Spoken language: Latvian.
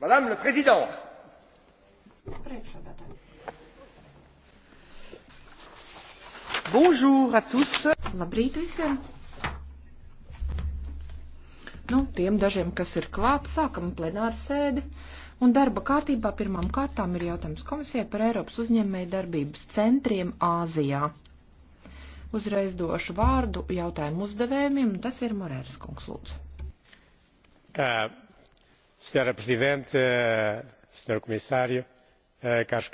Madame le Président. Bonjour à tous. Labrīt visiem. Nu, tiem dažiem, kas ir klāt, sākam plenāru sēdi. Un darba kārtībā pirmām kārtām ir jautājums komisijai par Eiropas uzņēmēju darbības centriem Āzijā. Uzreiz došu vārdu jautājumu uzdevējiem, un tas ir Morēras kungs lūdzu. Uh senhora presidente eh, senhor comissário eh, caros colegas